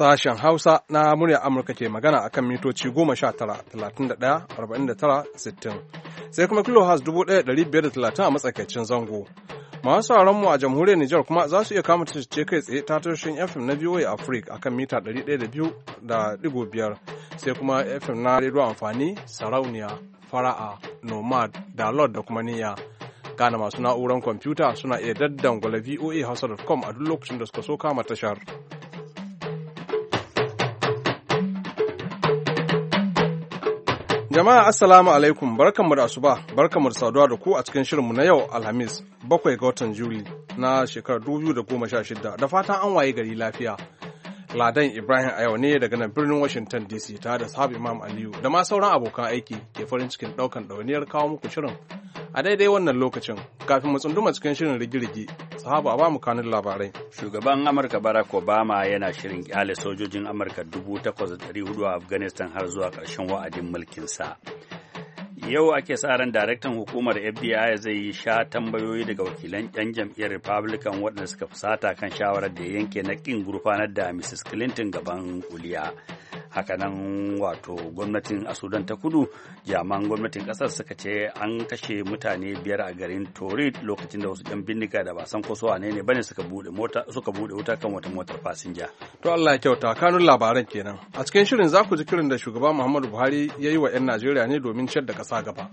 Sashen Hausa na murya Amurka ke magana a kan mitoci 19-31-49-60 sai kuma kilohas 1530 a matsakaicin zango. Masu mu a jamhuriyar Nijar kuma za su iya kama ce kai tsaye ta tashin FM na VOA Africa kan mita 102.5 sai kuma FM na rediyo amfani sarauniya fara'a nomad da lord da kuma niyya gane masu na'uran kwamfuta suna iya daddan daddangwala voa hausa.com a duk lokacin da suka so kama tashar. Jama'a Assalamu alaikum barkanmu da asuba barkanmu da saduwa da ku a cikin shirinmu na yau Alhamis bakwai ga watan Juli na shekarar 2016 da fatan an waye gari lafiya. Ladan Ibrahim a yau ne daga nan birnin Washington DC tare da sahab Imam Aliyu da ma sauran abokan aiki ke farin cikin daukan dauniyar kawo muku shirin A daidai wannan lokacin, kafin mu tsunduma cikin shirin rigirigi, sahaba ba mu kanun labarai. Shugaban Amurka Barack Obama yana shirin kyale sojojin Amurka 8,400 a Afghanistan har zuwa ƙarshen wa'adin mulkinsa. Yau ake sa ran daraktan hukumar FBI zai yi sha tambayoyi daga wakilan 'yan jam'iyyar Republican waɗanda suka fusata kan shawarar da yanke na ƙin gurfanar da Mrs. Clinton gaban kuliya. hakanan wato gwamnatin a sudan ta kudu jaman gwamnatin kasar suka ce an kashe mutane biyar a garin torid lokacin da wasu yan bindiga da ba san ko ne ne bane suka bude mota suka bude wuta kan wata motar fasinja to Allah ya kyauta kanun labaran kenan a cikin shirin za ku ji kirin da shugaba Muhammadu Buhari ya yi wa 'yan Najeriya ne domin ciyar da kasa gaba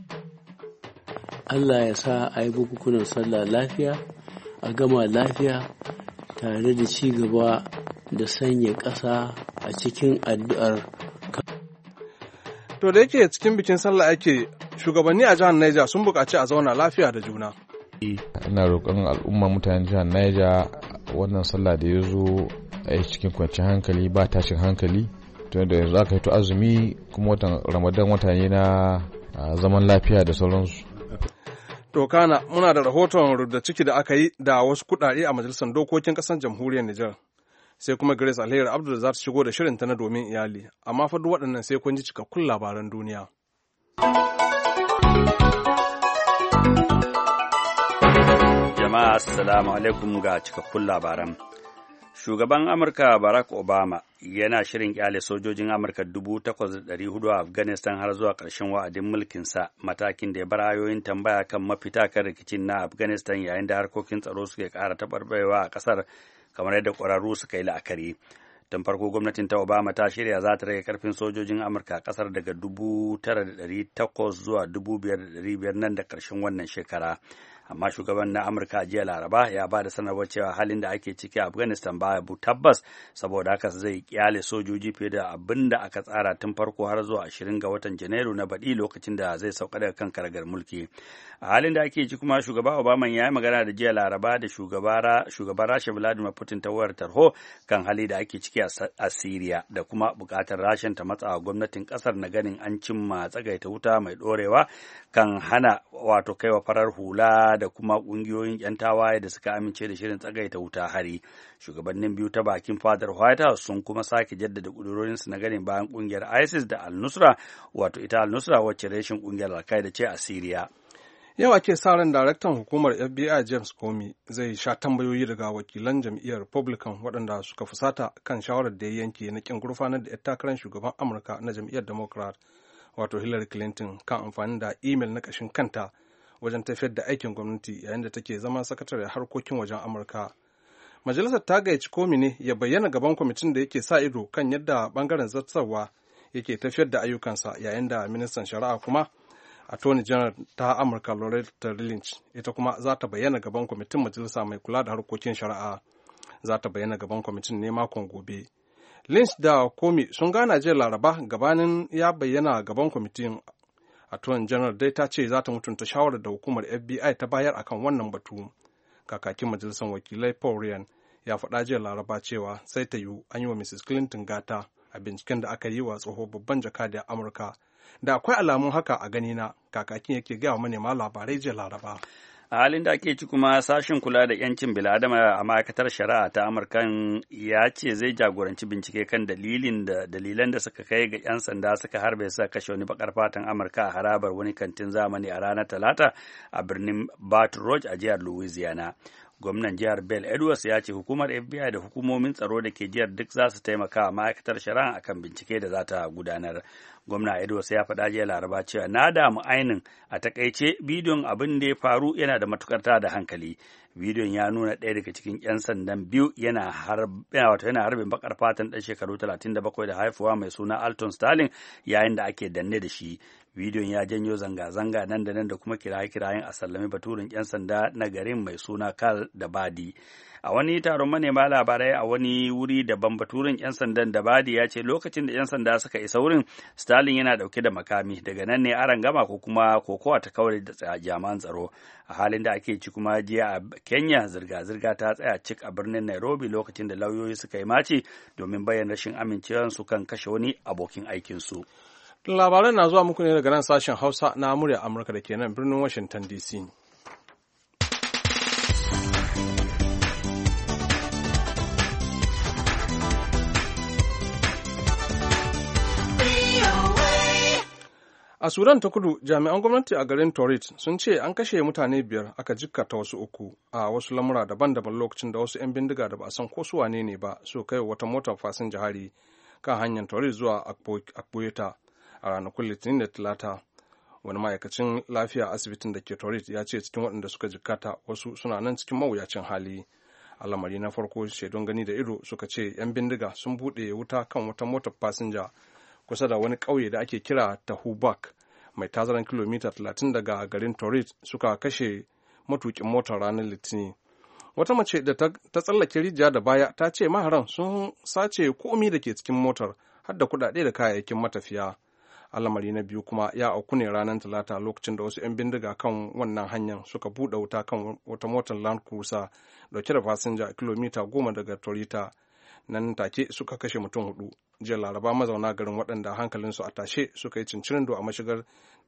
Allah ya sa a yi bukukunan sallah lafiya a gama lafiya tare da ci gaba da sanya ƙasa a cikin addu'ar To da yake cikin bikin sallah ake shugabanni a jihar Niger sun buƙaci a zauna lafiya da juna. Ina roƙon al'umma mutanen jihar Niger wannan sallah da ya zo a yi cikin kwanciyar hankali ba tashin hankali. to da yanzu aka yi to azumi kuma watan Ramadan wata na zaman lafiya da sauransu. To muna da rahoton rubda ciki da aka yi da wasu kuɗaɗe a majalisar dokokin kasar jamhuriyar Nijar. sai kuma Grace Alheri Abdul za ta shigo da shirinta na domin iyali, amma fa duk waɗannan sai kun ji cikakkun labaran duniya. Jama'a assalamu alaikum ga cikakkun labaran. shugaban amurka barack obama yana shirin kyale sojojin amurka 8,400 a afghanistan har zuwa ƙarshen wa'adin mulkinsa matakin da ya bar ayoyin tambaya kan mafita kan rikicin na afghanistan yayin da harkokin tsaro suke ƙara taɓarɓarewa a ƙasar kamar yadda ƙwararru suka yi la'akari tun farko gwamnatin ta obama ta shirya za ta rage ƙarfin sojojin amurka a ƙasar daga 9,800 zuwa 2,500 nan da ƙarshen wannan shekara amma shugaban na amurka jiya laraba ya ba da sanarwar cewa halin da ake ciki a afghanistan ba bu tabbas saboda haka zai kyale sojoji fiye da abin da aka tsara tun farko har zuwa ashirin ga watan janairu na baɗi lokacin da zai sauka daga kan karagar mulki a halin da ake ci kuma shugaba obama ya yi magana da jiya laraba da shugabar rasha vladimir putin ta wayar tarho kan hali da ake ciki a syria da kuma bukatar rashin ta matsa gwamnatin ƙasar na ganin an cimma tsagaita wuta mai ɗorewa kan hana wato kaiwa farar hula da kuma kungiyoyin 'yan tawaye da suka amince da shirin tsagaita wuta hari. Shugabannin biyu ta bakin fadar White House sun kuma sake jaddada su na ganin bayan ƙungiyar ISIS da Al-Nusra, wato ita Al-Nusra wacce reshin ƙungiyar Al-Qaeda ce a Siriya. Yau ake sa ran daraktan hukumar FBI James Comey zai sha tambayoyi daga wakilan jam'iyyar Republican waɗanda suka fusata kan shawarar da ya yanke na kin gurfanar da takarar shugaban Amurka na jam'iyyar Democrat wato Hillary Clinton kan amfani da imel na ƙashin kanta wajen tafiyar da aikin gwamnati yayin da take zama sakatare harkokin wajen amurka majalisar ta gayyaci komi ne ya bayyana gaban kwamitin da yake sa ido kan yadda bangaren zartarwa yake tafiyar da ayyukansa yayin da ministan shari'a kuma A attorney general ta amurka loretta lynch ita kuma za ta bayyana gaban kwamitin majalisa mai kula da harkokin shari'a za ta bayyana gaban kwamitin ne makon gobe lynch da komi sun gana jiya laraba gabanin ya bayyana gaban kwamitin attorney general dai ta ce za ta mutunta shawarar da hukumar fbi ta bayar akan wannan batu kakakin majalisar wakilai paul ryan ya faɗa jiya laraba cewa sai ta yiwu an yi wa mrs clinton gata a binciken da aka yi wa tsoho babban jakadiyar amurka da akwai alamun haka a ganina kakakin yake gaya wa manema labarai jiya laraba a halin da ake ci kuma sashen kula da 'yancin biladama a ma'aikatar shari'a ta amurka ya ce zai jagoranci bincike kan dalilin da dalilan da suka kai ga 'yan sanda suka harbe su kashe wani bakar fatan amurka a harabar wani kantin zamani a ranar talata a birnin baton rouge a jihar louisiana gwamnan jihar bell edwards ya ce hukumar fbi da hukumomin tsaro da ke jihar duk za su taimaka ma'aikatar shari'a akan bincike da za ta gudanar gwamna sai ya faɗa jiya laraba cewa na damu ainin a takaice bidiyon abin da ya faru yana da matukar da hankali bidiyon ya nuna ɗaya daga cikin 'yan sandan biyu yana harbin bakar fatan ɗan shekaru 37 da haifuwa mai suna alton stalin yayin da ake danne da shi bidiyon ya janyo zanga-zanga nan da nan da kuma kiraye-kirayen a sallami baturin 'yan sanda na garin mai suna kal da badi a wani taron manema labarai a wani wuri daban baturin 'yan sandan da badi ya ce lokacin da 'yan sanda suka isa wurin stalin yana dauke da makami daga nan ne aran gama ko kuma kokowa ta kawar da jaman tsaro a halin da ake ci kuma jiya a kenya zirga-zirga ta tsaya cik a birnin nairobi lokacin da lauyoyi suka yi mace domin bayan rashin amincewarsu kan kashe wani abokin aikinsu labaran na zuwa muku ne daga nan sashen hausa na murya amurka da ke nan birnin washington dc A Sudan ta kudu jami'an gwamnati a garin Torit sun ce an kashe mutane biyar aka jikkata wasu uku a wasu lamura daban-daban lokacin da wasu 'yan bindiga da ba a san ko su wane ne ba su kai wata motar fasinja hari kan hanyar Torit zuwa Akpoyeta a ranakun Litinin da Talata. Wani ma'aikacin lafiya asibitin da ke Torit ya ce cikin waɗanda suka jikkata wasu suna nan cikin mawuyacin hali. a lamari na farko shaidun gani da ido suka ce 'yan bindiga sun buɗe wuta kan wata motar fasinja kusa da wani ƙauye da ake kira Tahubak mai tazaran kilomita 30 daga garin Torit suka kashe matukin motar ranar Litini, Wata mace da ta tsallake rijiya da baya ta ce maharan sun sace komi da ke cikin motar har da kuɗaɗe da kayayyakin matafiya. Alamari na biyu kuma ya auku ne ranar Talata lokacin da wasu 'yan bindiga kan wannan hanyar suka buɗe wuta kan wata motar Land Cruiser dauke da fasinja kilomita goma daga Torita nan take suka kashe mutum hudu jiya laraba mazauna garin waɗanda hankalinsu a tashe suka yi cincirin do a mashigar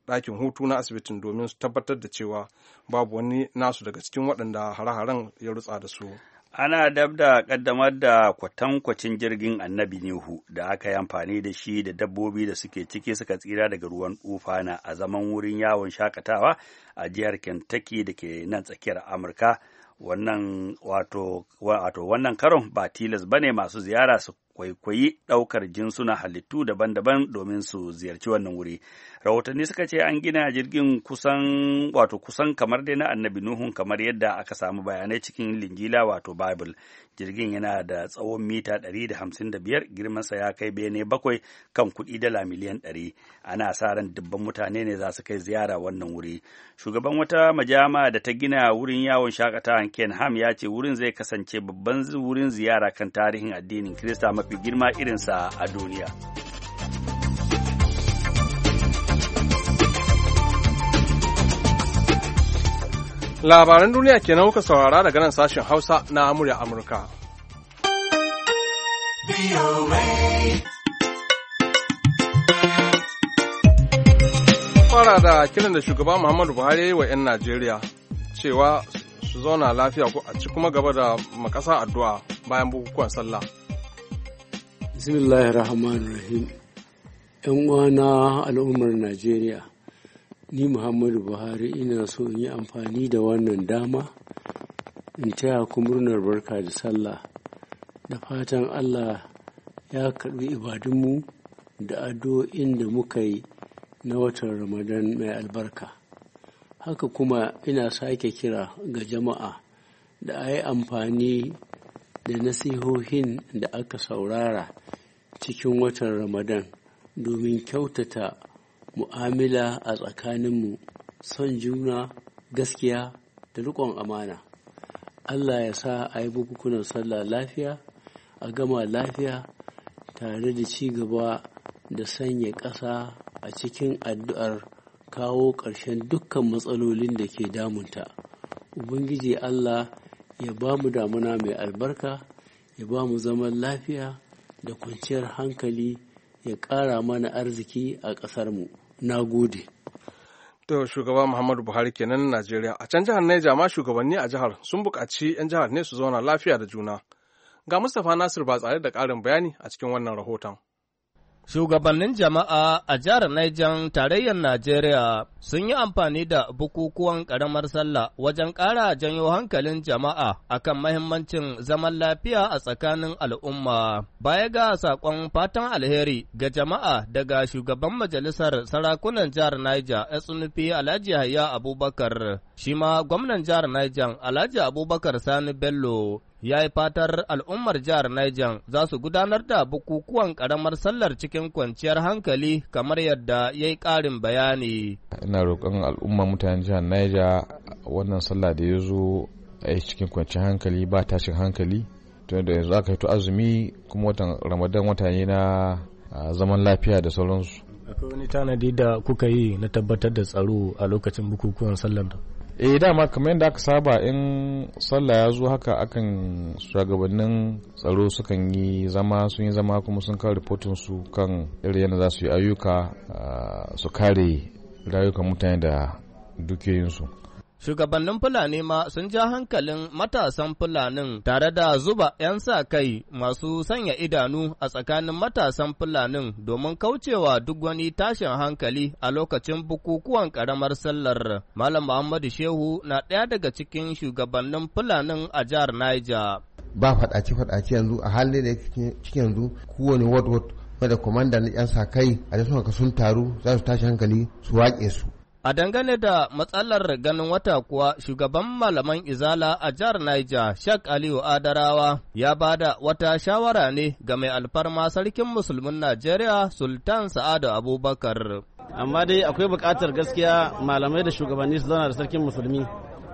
ɗakin hutu na asibitin domin su tabbatar da cewa babu wani nasu daga cikin waɗanda hare-haren ya rutsa da su ana dab da ƙaddamar da kwatankwacin jirgin annabi Nuhu da aka yi amfani da shi da dabbobi da suke ciki suka tsira daga ruwan tufana a zaman wurin yawon shakatawa a jihar Kentucky da ke nan tsakiyar Amurka. wannan wato wannan karon ba tilas ba ne masu ziyara su kwaikwayi ɗaukar jinsuna halittu daban-daban domin su ziyarci wannan wuri. Rahotanni suka ce an gina jirgin kusan wato kusan kamar dai na annabi Nuhun kamar yadda aka samu bayanai cikin lingila wato Bible. jirgin yana da tsawon mita 155 girmansa ya kai bene bakwai kan kuɗi dala miliyan 100 ana sa ran dubban mutane ne za su kai ziyara wannan wuri shugaban wata majama da ta gina wurin yawon shakatawan ken ham ya ce wurin zai kasance babban wurin ziyara kan tarihin addinin kirista mafi girma irinsa a duniya. Labaran duniya kenan kuka saurara daga nan sashen Hausa na murya Amurka. Fara da kiran da shugaba Muhammadu Buhari wa 'yan Najeriya cewa su zauna lafiya ko a ci kuma gaba da makasa addu'a bayan bukukuwan sallah. Bismillahirrahmanirrahim. ‘Yan uwana al'ummar Najeriya. ni muhammadu buhari ina so in yi amfani da wannan dama in taya ku murnar barka da sallah da fatan allah ya karbi ibadunmu da ado inda muka yi na watan ramadan mai albarka haka kuma ina sake kira ga jama'a da a yi amfani da nasihohin da aka saurara cikin watan ramadan domin kyautata mu'amala a tsakaninmu son juna gaskiya da riƙon amana allah ya sa a yi bukukunan sallah lafiya a gama lafiya tare da ci gaba da sanya ƙasa a cikin addu'ar kawo ƙarshen dukkan matsalolin da ke damunta ubangiji allah ya ba mu damuna mai albarka ya ba mu zaman lafiya da kwanciyar hankali ya ƙara mana arziki a ƙasarmu na gode to shugaba muhammadu buhari kenan najeriya a can jihar neja ma shugabanni a jihar sun buƙaci 'yan jihar ne su zauna lafiya da juna ga mustapha nasir ba tsare da ƙarin bayani a cikin wannan rahoton Shugabannin jama'a a jihar Niger tarayyar Najeriya sun yi amfani da bukukuwan ƙaramar sallah wajen ƙara janyo hankalin jama'a akan mahimmancin zaman lafiya a tsakanin al'umma. Baya ga saƙon fatan alheri ga jama'a daga shugaban majalisar sarakunan jihar Niger SNP Alhaji Hayya Abubakar, shi ma gwamnan jihar Niger Alhaji Abubakar Sani Bello ya yi fatar al'ummar jihar Niger za su gudanar da bukukuwan ƙaramar sallar cikin kwanciyar hankali kamar yadda ya yi ƙarin bayani. Ina roƙon al'ummar mutanen jihar Niger wannan sallah da ya zo a yi cikin kwanciyar hankali ba tashin hankali. Tun da yanzu aka fito azumi kuma watan Ramadan wata ne na zaman lafiya da sauransu. Akwai wani tanadi da kuka yi na tabbatar da tsaro a lokacin bukukuwan sallar eh dama kamar yadda aka saba in sallah ya zo haka akan shugabannin tsaro sukan yi zama sun yi zama kuma sun kawo ripotin su kan irin yadda za su yi ayyuka ah, su kare rayukan mutane da dukiyoyinsu Shugabannin Fulani ma sun ja hankalin matasan Fulanin tare da zuba ‘yan sa kai masu sanya idanu a tsakanin matasan Fulanin domin kaucewa duk wani tashin hankali a lokacin bukukuwan ƙaramar sallar. Malam Muhammadu Shehu na ɗaya daga cikin shugabannin Fulanin a jihar Niger. Ba faɗace-faɗace yanzu a halin da cikin yanzu kowane ward ward kwamanda na ‘yan sa kai a sun taru za su tashi hankali su waƙe su. A dangane da matsalar ganin wata kuwa shugaban malaman Izala a jihar Niger, Shak Aliyu Adarawa, ya ba da wata shawara ne ga mai alfarma sarkin musulmin Najeriya Sultan Sa'adu Abubakar. Amma dai akwai buƙatar gaskiya malamai da shugabanni su zauna da sarkin musulmi.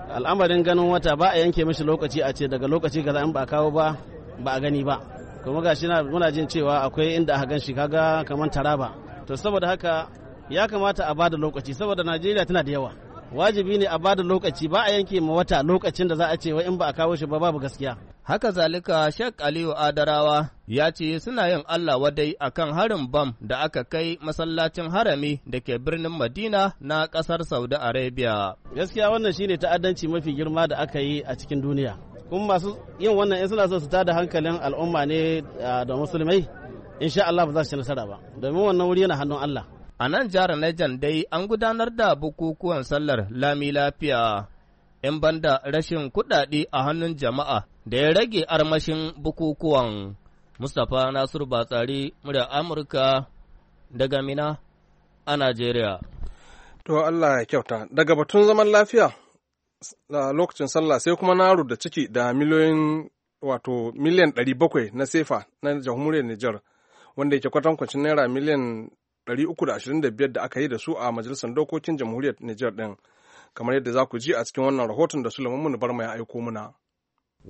Al'amarin ganin wata ba a yanke mishi lokaci a ce daga lokaci kaza in ba a kawo ba ba a gani ba. Kuma gashi muna jin cewa akwai inda aka gan shi kaga kamar taraba. To saboda haka ya kamata a bada lokaci saboda najeriya tana da yawa wajibi ne a bada lokaci ba a yanke ma wata lokacin da za a ce wa in ba a kawo shi ba babu gaskiya haka zalika Sheikh Aliyu Adarawa ya ce suna yin Allah wadai akan harin bam da aka kai masallacin harami da ke birnin Madina na ƙasar Saudi Arabia. Gaskiya wannan shine ta'addanci mafi girma da aka yi a cikin duniya. Kuma masu yin wannan in suna so su tada hankalin al'umma ne ah, da musulmai, insha Allah ba za su ci nasara ba, domin wannan wuri yana hannun Allah. A nan jihar Niger dai an gudanar da bukukuwan sallar lami lafiya, in banda rashin kuɗaɗe a hannun jama'a da ya rage armashin bukukuwan. Mustapha Nasiru Batsari, murya Amurka daga Mina a Najeriya. To Allah ya kyauta, daga batun zaman lafiya da lokacin sallah sai kuma na da ciki da miliyoyin wato miliyan 700 na sefa na jamhuriyar Nijar, wanda yake kwatankwacin naira miliyan 325 da aka yi da su a majalisar dokokin jamhuriyar Nijar ɗin kamar yadda za ku ji a cikin wannan rahoton da Sulaiman Munibar Barma ya aiko muna.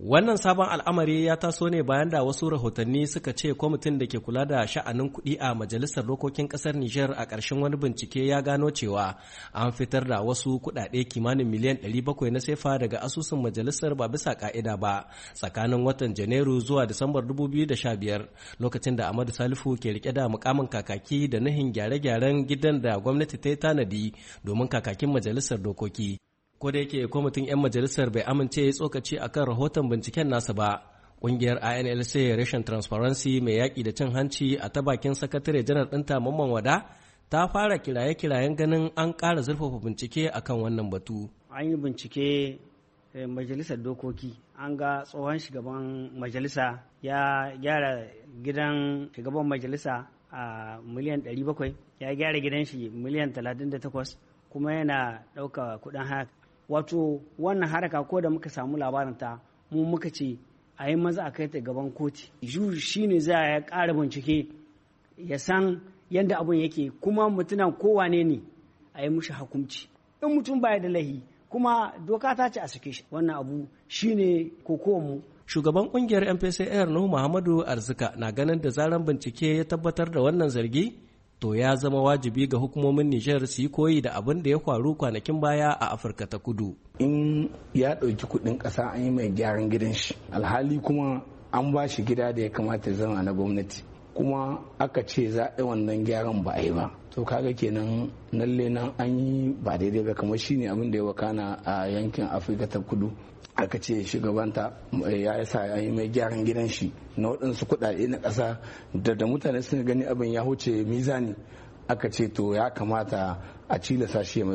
Wannan sabon al'amari ya taso ne bayan da wasu rahotanni suka ce kwamitin da ke kula da sha'anin kuɗi a Majalisar Dokokin Ƙasar Nijar a ƙarshen wani bincike ya gano cewa an fitar da wasu kuɗaɗe kimanin miliyan 700 na saifa daga asusun majalisar ba bisa ƙa'ida ba tsakanin watan Janairu zuwa Disambar 2015 lokacin da Ahmadu Salifu ke rike da mukamin kakaki da nahin gyare-gyaren gidan da gwamnati ta yi tanadi domin kakakin Majalisar Dokoki. Ko da yake kwamitin 'yan majalisar bai amince ya tsokaci akan rahoton binciken nasa ba, Ƙungiyar INLC Rashin Transparency mai yaƙi da cin hanci a ta bakin sakatare janar ɗinta Mamman Wada ta fara kiraye-kirayen ganin an ƙara zurfafa bincike akan wannan batu. An yi bincike eh, majalisar dokoki an ga tsohon shugaban majalisa ya gyara gidan shugaban majalisa a miliyan 700 ya gyara gidan shi miliyan 38 kuma yana ɗauka kuɗin haya wato wannan haraka ko da muka samu labarin ta mu muka ce a yi maza a kai ta gaban koti ju shi ne za a ƙara bincike ya san yadda abun yake kuma mutunan kowane ne a yi mushi hukunci in mutum baya da lahi kuma doka ta ce a sake shi wannan abu shi ne mu. shugaban kungiyar mpcr nuhu muhammadu arzika na ganin da zaren bincike ya tabbatar da wannan zargi to ya zama wajibi ga hukumomin Nijar su yi koyi da abin da ya faru kwanakin baya a Afirka ta kudu. In ya ɗauki kuɗin ƙasa an yi mai gyaran gidan shi, alhali kuma an ba shi gida da ya kamata zama na gwamnati. kuma aka ce za a wannan gyaran ba a yi ba to kaga kenan lalle nan an yi ba daidai ba kamar shine abin da ya wakana a yankin afirka ta kudu aka ce shugabanta eh, ya sa ya yi mai gyaran gidan shi na waɗansu kuɗaɗe na ƙasa da da mutane suka gani abin ya huce mizani aka ce to ya kamata a cilasa shi ya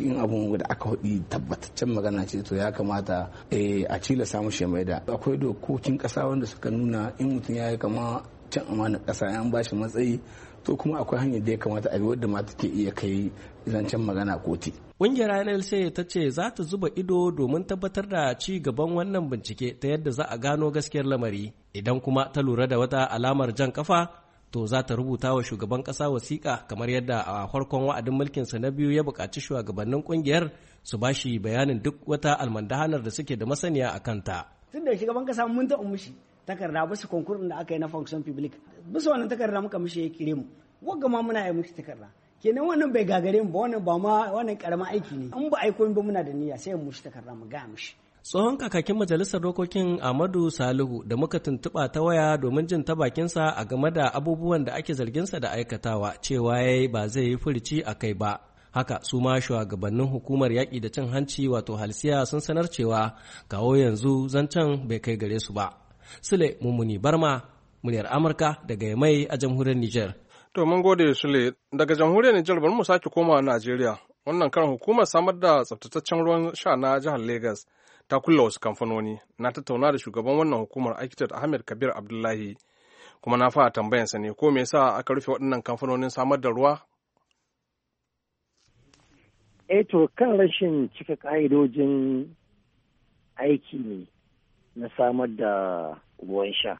in abun da aka hudi tabbataccen magana ce to ya kamata eh, a cilasa mu shi ya maida akwai dokokin ƙasa wanda suka nuna in mutum ya yi kama cin amana ƙasa ya bashi matsayi to kuma akwai hanyar da ya kamata a bi wadda mata ke iya kai zancen magana koti Ƙungiyar NLC ta ce za ta zuba ido domin tabbatar da ci gaban wannan bincike ta yadda za a gano gaskiyar lamari idan kuma ta lura da wata alamar jan kafa to za ta rubuta wa shugaban ƙasa wasiƙa kamar yadda a farkon wa'adin mulkin sa na biyu ya buƙaci shugabannin ƙungiyar su ba shi bayanin duk wata almandahanar da suke da masaniya a kanta. Tun da shugaban ƙasa mun ta umushi takarda bisa konkurin da aka yi na function public bisa wannan takarda muka mishi ya kire mu wagga ma muna yi mishi takarda kenan wannan bai gagare mu ba wannan ba ma wannan karamin aiki ne in ba aiko ba muna da niyya sai mu shi takarda mu ga mishi tsohon kakakin majalisar dokokin amadu salihu da muka tuntuɓa ta waya domin jin ta bakinsa a game da abubuwan da ake zarginsa da aikatawa cewa ya yi ba zai yi furici a kai ba haka su ma shugabannin hukumar yaƙi da cin hanci wato halsiya sun sanar cewa kawo yanzu zancen bai kai gare su ba Sule Mummuni Barma, muryar Amurka daga mai a jamhuriyar Nijar. To mun gode Sule, daga jamhuriyar Nijar bari mu sake komawa Najeriya. Wannan karan hukumar samar da tsaftataccen ruwan sha na jihar lagos ta kulla wasu kamfanoni. Na tattauna da shugaban wannan hukumar Architect Ahmed Kabir Abdullahi. Kuma na fara tambayansa ne ko me yasa aka rufe waɗannan kamfanonin samar da ruwa Eto eh to kan rashin cika ka'idojin aiki ne na samar da ruwan sha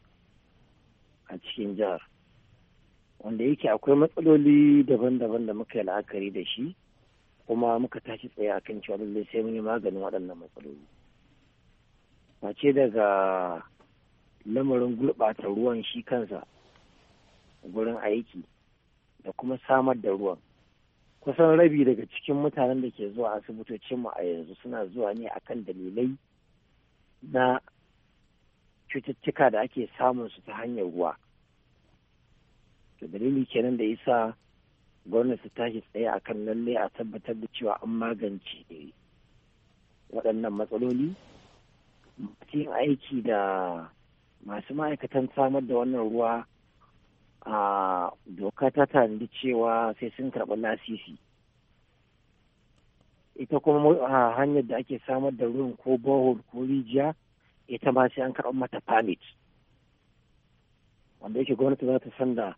a cikin jihar wanda yake akwai matsaloli daban-daban da muka yi la'akari da shi kuma muka tashi tsaye a kan cewa lallai sai mun yi maganin waɗannan matsaloli face daga lamarin gurɓata ruwan shi kansa gurin aiki da kuma samar da ruwan kusan rabi daga cikin mutanen da ke zuwa asibitocinmu a yanzu suna zuwa ne akan dalilai na cututtuka da ake samun su ta hanyar ruwa Da dalili kenan da isa gwamnati ta tashi tsaye a kan lalle a tabbatar da cewa an magance waɗannan matsaloli yin aiki da masu ma'aikatan samar da wannan ruwa a doka ta tanadi cewa sai sun karɓi lasisi ita kuma hanyar da ake samar da ruwan ko bohol ko rijiya ita ma sai an karɓar mata permit wanda yake gwamnati za ta san da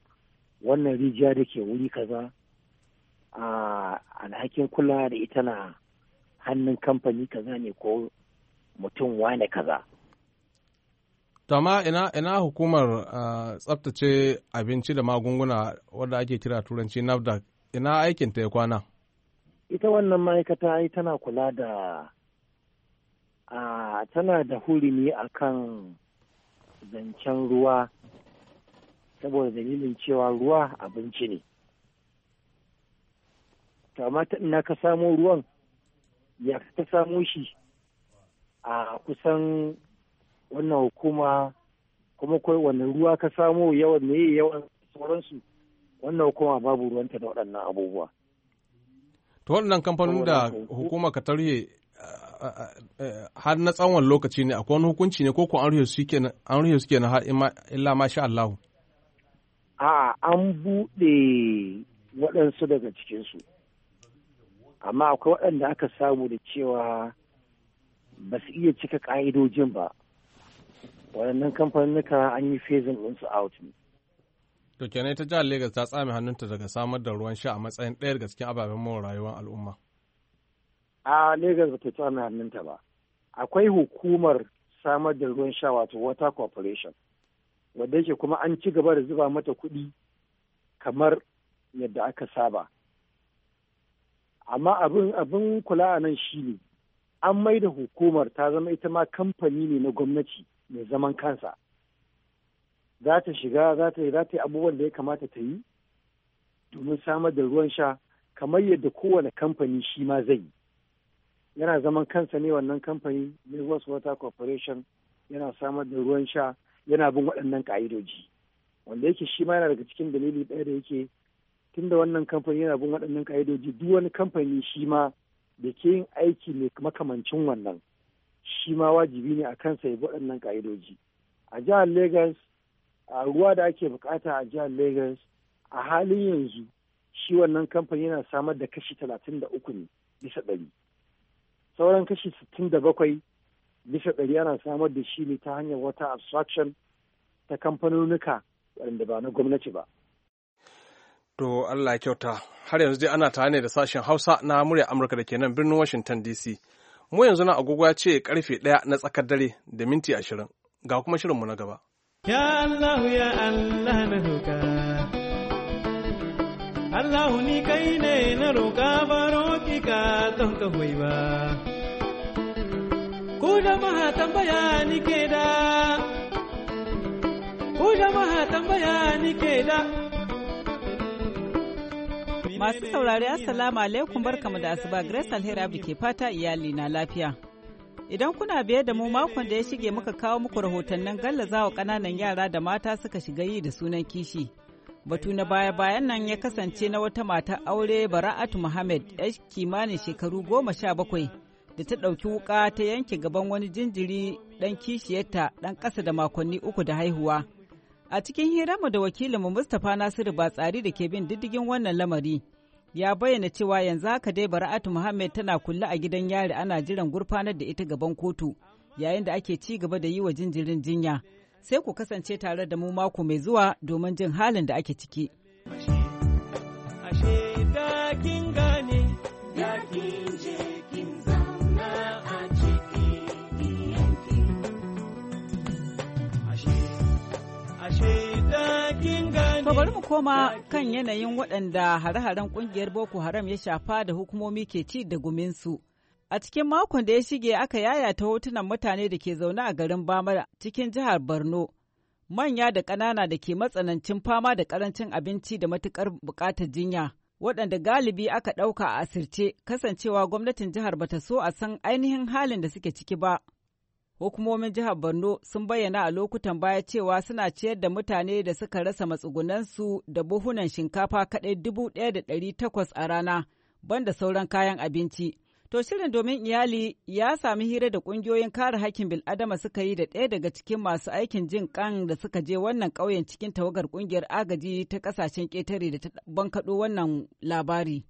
wannan rijiya da ke wuri kaza a alhakin kula da ita na hannun kamfani kaza ne ko mutum wane kaza tama ina ina hukumar tsaftace abinci da magunguna wadda ake kira turanci nafdac ina aikinta ya kwana ita wannan ma'aikata tana kula da a tana da hurumi kan zancen ruwa saboda dalilin cewa ruwa abinci ne to amma ta ina ka samo ruwan ya ka samo shi a kusan wannan hukuma kuma kai wani ruwa ka samo yawan ne yawan sauransu wannan hukuma babu ruwanta da waɗannan abubuwa to waɗannan kamfanin da hukuma ka tarhe har na tsawon lokaci ne akwai wani hukunci ne ko ko an rufe suke na har illa ma sha Allahu. A an buɗe waɗansu daga cikinsu. Amma akwai waɗanda aka samu da cewa ba su iya cika ƙa'idojin ba. kamfanin kamfanuka an yi fezin ɗinsu out ne. To kenai ta jihar Legas ta tsame hannunta daga samar da ruwan sha a matsayin ɗaya daga cikin ababen more rayuwar al'umma. a Legas ba ta tsame hannunta ba akwai hukumar samar da ruwan sha wato water corporation wadda yake kuma an ci gaba da zuba mata kuɗi kamar yadda aka saba amma abin kula a nan shi ne, an mai da hukumar ta zama ita ma kamfani ne na gwamnati mai zaman kansa za ta shiga za ta yi abubuwan da ya kamata ta yi domin samar da ruwan sha kamar yadda kowane kamfani shi ma zai yi yana zaman kansa ne wannan kamfani Lagos Water Corporation yana samar da ruwan sha yana bin waɗannan ƙa'idoji wanda yake shi ma yana daga cikin dalili ɗaya da yake tun da wannan kamfani yana bin waɗannan ƙa'idoji duk wani kamfani shi ma da ke yin aiki ne makamancin wannan shi ma wajibi ne a kansa ya bi waɗannan ƙa'idoji a jihar Lagos a ruwa da ake bukata a jihar Lagos a halin yanzu shi wannan kamfani yana samar da kashi talatin da uku ne bisa ɗari sauran kashi sittin da bakwai bisa ɗari ana samar da shi ne ta hanyar wata abstraction ta kamfanonuka waɗanda ba na gwamnati ba. To Allah ya kyauta har yanzu dai ana tare ne da sashen Hausa na murya Amurka da ke nan birnin Washington DC. Mu yanzu na agogo ya ce karfe ɗaya na tsakar dare da minti ashirin ga kuma shirin mu na gaba. Ya Allah ya Allah na hukar. Allah ni kai ne na roƙa baro don ka ba. Ku jama'a tambaya ni ke da, Masu saurari Assalamu alaikum barkamu da asuba Grace Alheri Abdi ke fata iyali na lafiya. Idan kuna biye da mu makon da ya shige muka kawo muku rahotannin gallazawa ƙananan yara da mata suka shiga yi da sunan kishi. batu na baya-bayan nan ya kasance na wata mata aure bara'atu muhammad yar kimanin shekaru goma sha bakwai da ta ɗauki wuka ta yanke gaban wani jinjiri ɗan kishiyarta ɗan ƙasa da makonni uku da haihuwa a cikin mu da wakilin mu mustapha nasiru batsari da ke bin diddigin wannan lamari ya bayyana cewa yanzu haka dai bara'atu muhammad tana kulle a gidan yari ana jiran gurfanar da ita gaban kotu yayin da ake ci gaba da yi wa jinjirin jinya sai ku kasance tare da mu mako mai zuwa domin jin halin da ake ciki. Ashe, mu koma kan yanayin waɗanda hare-haren ƙungiyar Boko Haram ya shafa da hukumomi ke ci da guminsu. A cikin makon da ya shige aka yayata hotunan mutane da ke zaune a garin bamara cikin jihar Borno, manya da ƙanana da ke matsanancin fama da ƙarancin abinci da matuƙar buƙatar jinya, waɗanda galibi aka ɗauka a asirce kasancewa gwamnatin jihar bata so a san ainihin halin da suke ciki ba. Hukumomin jihar Borno sun bayyana a lokutan baya cewa suna ciyar da mutane da suka rasa matsugunansu da buhunan shinkafa kaɗai dubu ɗaya da ɗari takwas a rana, banda sauran kayan abinci. To shirin domin iyali ya sami hira da kungiyoyin kare hakkin bil'adama suka yi da ɗaya daga cikin masu aikin jin kan da suka je wannan ƙauyen cikin tawagar kungiyar agaji ta ƙasashen ƙetare da ta bankaɗo wannan labari.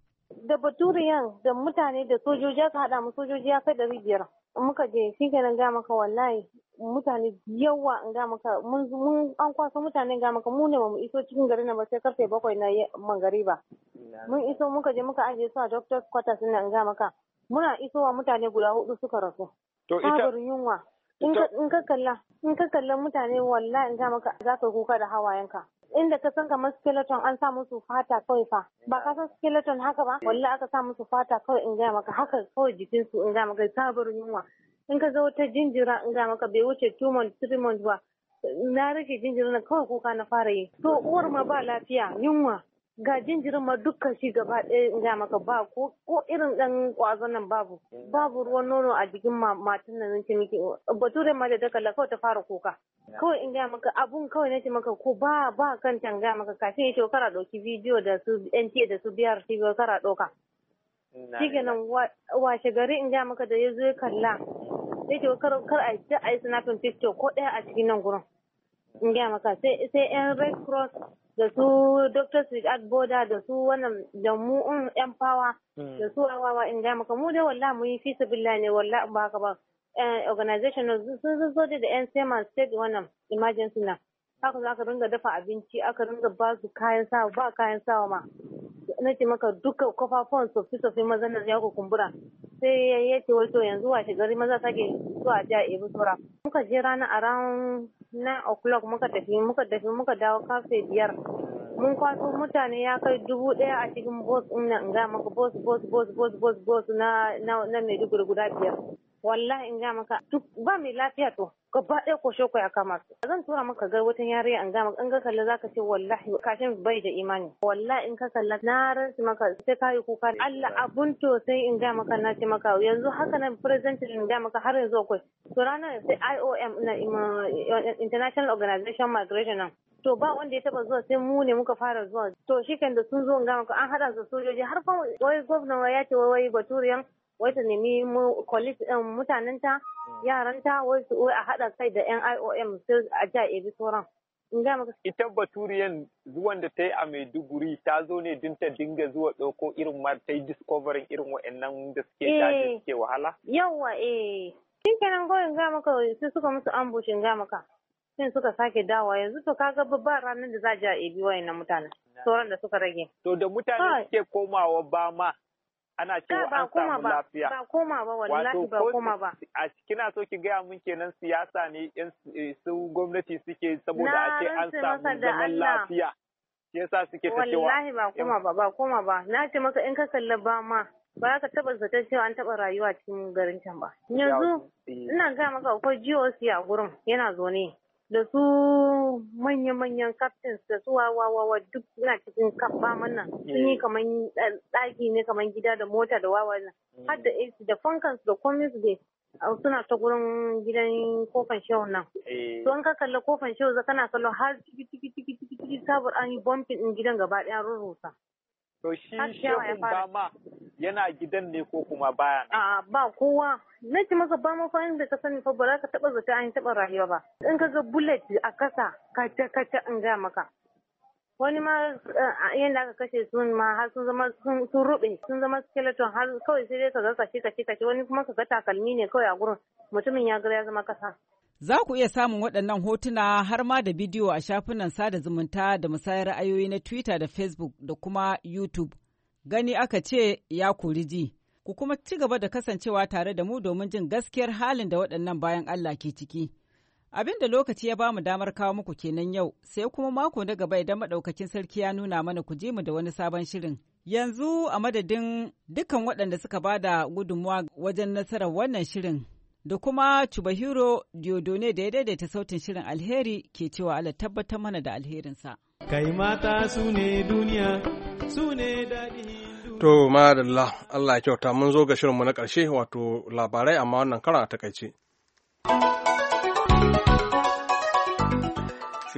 Da baturiyan da mutane da sojoji aka haɗa mu sojoji ya kai ɗari biyar. Muka je shi kenan ga maka wallahi mutane yawa an ga maka mun an kwaso mutane ga maka mu ne mu iso cikin garin nan ba sai karfe bakwai na mangariba. Mun iso muka je muka ajiye su a doctor's quarters nan in ga maka. muna isowa mutane guda hudu suka rasu to ita yunwa in ka kalla in ka kalla mutane wallahi in ga maka za ka kuka da hawayenka inda ka san kamar skeleton an sa musu fata kawai fa ba ka san skeleton haka ba wallahi aka sa musu fata kawai in ga maka haka kawai jikinsu in ga maka sabar yunwa in ka zo ta jinjira in ga maka bai wuce two months three months ba na rage jinjirin na kawai kuka na fara yi to uwar ma ba lafiya yunwa ga jinjirin ma dukkan shi gaba ɗaya in ga maka ba ko ko irin ɗan ƙwazon nan babu babu ruwan nono a jikin matan nan nake miki bature ma da ta kalla kawai ta fara kuka kawai in ga maka abun kawai nake maka ko ba ba kan tanga maka kafin ya kara ɗauki bidiyo da su NTA da su biyar shi kara ɗauka nan, washe gari in ga maka da ya zo ya kalla ya ce kar kar a yi snapping picture ko ɗaya a cikin nan gurin in ga maka sai yan red cross da su Dr. Sweetheart Boda da su wannan da mu yan um, fawa hmm. da su awawa in ga maka mu da wallahi mu yi fi sabilillah ne wallahi ba ka ba eh, organization sun zo da yan sema state wannan emergency na haka za ka ringa dafa abinci aka ringa ba su kayan sawa ba kayan sawa ma na ce maka duka kafafon sofi sofi maza na ya ku kumbura sai ya ce wai to yanzu washe gari maza sake zuwa ja ebi sora muka je rana a ran na o'clock muka tafi muka tafi muka dawo kafe biyar mun kwaso mutane ya kai dubu ɗaya a cikin bos ɗin nan ga maka bos bos bos bos bos na na Maiduguri guda biyar wallahi in ga maka duk ba mai lafiya to gaba ɗaya ko shoko ya kama su zan tura maka ga wata yarinya an ga maka in ga kalla zaka ce wallahi kashin bai da imani wallahi in ka kalla na rantsi maka sai ka yi kuka Allah abun to sai in ga maka na ce maka yanzu haka nan present in ga maka har yanzu akwai to ranar sai IOM na International Organization Migration nan to ba wanda ya taba zuwa sai mu ne muka fara zuwa to shi da sun zo ga maka an hada su sojoji har fa wai gwamnati ya ce wai baturiyan wai ta nemi mutanenta hmm. yaranta wai a haɗa kai da yan iom sai a ja ebi sauran ita baturiyan zuwan da ta yi a maiduguri ta zo ne din ta dinga zuwa ɗauko irin ma ta yi discovering irin waɗannan da suke da eh. suke wahala yawa eh shi kenan goyin ga maka su suka musu ambushin ga maka Shin suka sake dawa yanzu to kaga babba ranar da za a ji a ebi wa'annan mutanen sauran da suka rage to da mutane suke komawa ba ma ana cewa an samu lafiya. Ba koma ba wallahi ba koma ba. A kina so ki gaya mun kenan siyasa ne yan su gwamnati suke saboda a ce an samu zaman lafiya. Shi yasa suke ta cewa. Wallahi ba koma ba ba koma ba. Na ce maka in ka kalla ba ma ba ka taba zaton cewa an taba rayuwa cikin garin can ba. Yanzu eh. ina gaya maka akwai GOC a gurin yana zo ne. da su manya-manyan captains da su wawawa duk suna cikin kafa mana sun yi eh. kamar ɗaki ne kamar gida da mota da wawa nan eh. har da AC da fankansu da komis dai suna ta gurin gidan kofan shehu nan eh. to an ka kalla kofan shehu za kana kallo har ciki ciki ciki ciki an yi din gidan gaba ɗaya rurrusa To shi shehu bama yana gidan ne ko kuma baya A ba kowa. Na ci masa ba mafarin da ka sani fa ba za ka taɓa zata an taɓa rayuwa ba. In ka ga bullet a kasa kaca kaca in ga maka. Wani ma eh, yadda aka kashe sun ma har sun zama sun ruɓe sun zama skeleton har kawai sai dai ka ga kashe kashe kashe wani kuma ka ga takalmi ne kawai a gurin mutumin ya ga ya zama kasa. Za ku iya samun waɗannan hotuna har ma da bidiyo a shafinan sada zumunta da musayar ra'ayoyi na Twitter da Facebook da kuma YouTube. Gani aka ce ya kori ji. Ku kuma ci gaba da kasancewa tare da mu domin jin gaskiyar halin da waɗannan bayan Allah ke ciki. Abin da lokaci ya bamu damar kawo muku kenan yau, sai kuma mako na gaba idan maɗaukacin sarki ya nuna mana ku ji mu da wani sabon shirin. Yanzu a madadin dukkan waɗanda suka ba da gudunmuwa wajen nasarar wannan shirin. da kuma Chubahiro Diodone da ya daidaita sautin shirin alheri ke cewa Allah tabbatar mana da alherinsa. Kai mata su ne duniya, su ne daɗi. To, madalla, Allah ya kyauta mun zo ga shirinmu na ƙarshe wato labarai amma wannan karan a takaice.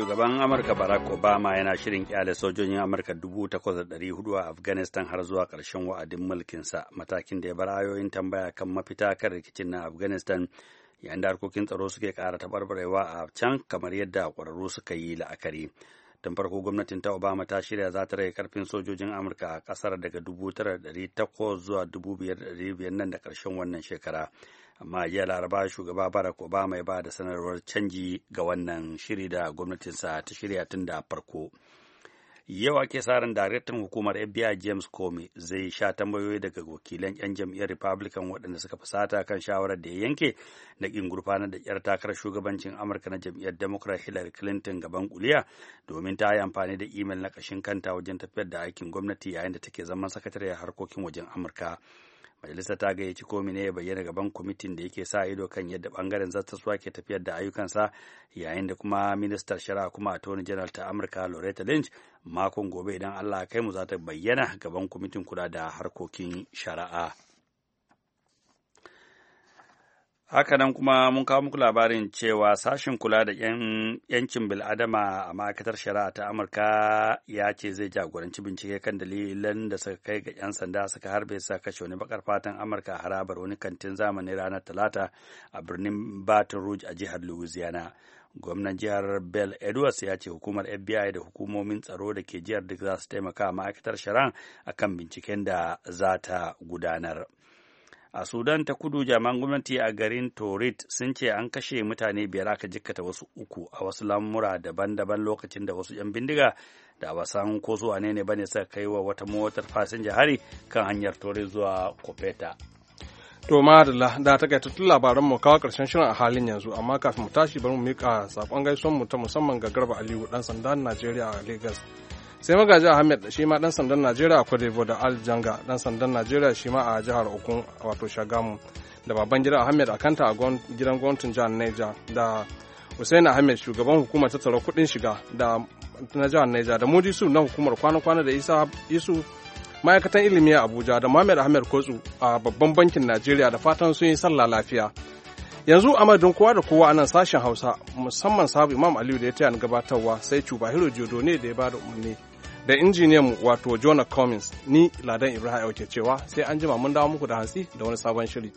shugaban amurka barack obama yana shirin kyale sojojin amurka 8,400 a afghanistan har zuwa karshen wa'adin mulkinsa matakin da ya bar ayoyin tambaya kan mafita kan rikicin na afghanistan yayin da harkokin tsaro suke kara taɓarɓarewa a can kamar yadda ƙwararru suka yi la'akari tun farko gwamnatin ta obama ta shirya za ta rage karfin sojojin amurka a ƙasar daga 9,800 zuwa 5500 nan da ƙarshen wannan shekara amma jiya laraba shugaba barack obama ya ba da sanarwar canji ga wannan shiri da gwamnatinsa ta shirya tun da farko yau ake sarin daraktan hukumar fbi james comey zai sha tambayoyi daga wakilan 'yan jam'iyyar republican waɗanda suka fusata kan shawarar da ya yanke na ƙin gurfanar da 'yar takarar shugabancin amurka na jam'iyyar democrat hillary clinton gaban kuliya domin ta yi amfani da imel na ƙashin kanta wajen tafiyar da aikin gwamnati yayin da take zaman sakatare harkokin wajen amurka majalisar ta gayyaci komi ne ya bayyana gaban kwamitin da yake sa ido kan yadda bangaren zattaswa ke tafiyar da ayyukansa yayin da kuma ministar shari'a kuma attorney general ta amurka loretta lynch makon gobe idan allah kai mu za ta bayyana gaban kwamitin kula da harkokin shari'a Hakanan kuma mun kawo muku labarin cewa sashen kula da ‘yancin bil'adama a ma'aikatar shari'a ta Amurka ya ce zai jagoranci bincike kan dalilan da suka kai ga ‘yan sanda suka harbe sa kashe wani bakar fatan Amurka harabar wani kantin zamani ranar Talata a birnin Baton Rouge a jihar Louisiana. Gwamnan jihar Bell Edwards ya ce hukumar FBI da hukumomin tsaro da ke jihar duk za su taimaka ma'aikatar shari'a akan binciken da za ta gudanar. a sudan ta kudu jami'an gwamnati a garin torit sun ce an kashe mutane biyar aka jikkata wasu uku a wasu lamura daban-daban lokacin da wasu 'yan bindiga da ba san ko zuwa ne ne bane suka kai wa wata motar fasinja hari kan hanyar torit zuwa kofeta to madalla da ta gaitattun labaran mu kawo karshen shirin a halin yanzu amma kafin mu tashi bari mu mika sakon gaisuwan mu ta musamman ga garba aliyu dan sandan najeriya a lagos sai magaji ahmed shi ma dan sandan najeriya a cote da aljanga dan sandan najeriya shi ma a jihar okun wato shagamu da baban gida ahmed a kanta a gidan gwamnatin jihar niger da hussein ahmed shugaban hukumar tattara kuɗin shiga da na jihar niger da modi su na hukumar kwana-kwana da isa isu ma'aikatan ilimi a abuja da mohammed ahmed kotsu a babban bankin najeriya da fatan sun yi sallah lafiya yanzu a madadin kowa da kowa a nan sashen hausa musamman sabu imam aliyu da ya taya gabatarwa sai cuba hiro jodo ne da ya ba bada umarni da injiniyan wato Jonah Cummins ni Ladan Ibrahim ke cewa sai an jima mun dawo muku da hantsi da wani sabon shiri.